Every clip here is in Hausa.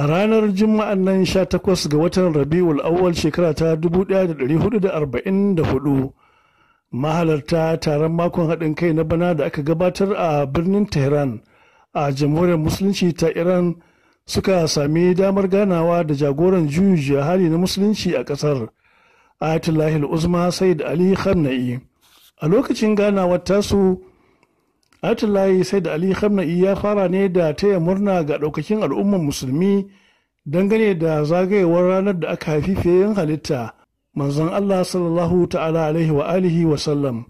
A ranar Juma'an nan 18 ga watan Rabiul Awwal shekara ta 1444 mahalarta taron makon haɗin kai na bana da aka gabatar a birnin Tehran a jamhuriyar Musulunci ta Iran suka sami damar ganawa da jagoran juyi hali na Musulunci a ƙasar Ayatollah Uzma Said Ali Khamnai. A lokacin ganawar tasu Ayatullahi sai da Ali Khamenei ya fara ne da taya murna ga ɗaukakin al'ummar musulmi dangane da zagayewar ranar da aka haifi fiyayen halitta manzon Allah sallallahu ta'ala alaihi wa alihi wa sallam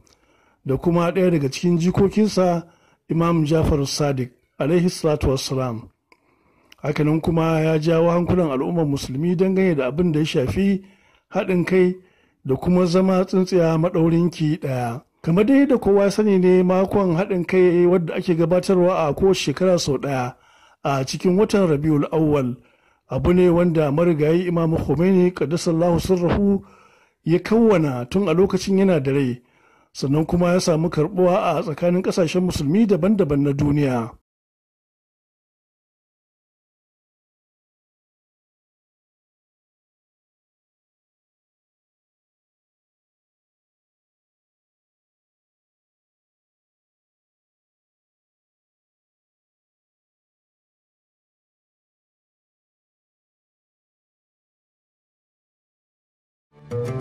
da kuma ɗaya daga cikin jikokinsa Imam Jafar Sadiq alaihi salatu wassalam. Hakanan kuma ya jawo hankulan al'ummar musulmi dangane da abin da ya shafi haɗin kai da kuma zama tsintsiya maɗaurinki ɗaya. kamar dai da kowa sani ne makon haɗin kai wadda ake gabatarwa a kowace shekara sau ɗaya a cikin watan rabiul awwal abu ne wanda marigayi imamu khomeini kaddasallahu sirrahu ya kawwana tun a lokacin yana da rai sannan kuma ya samu karbuwa a tsakanin kasashen musulmi daban-daban na duniya Thank you.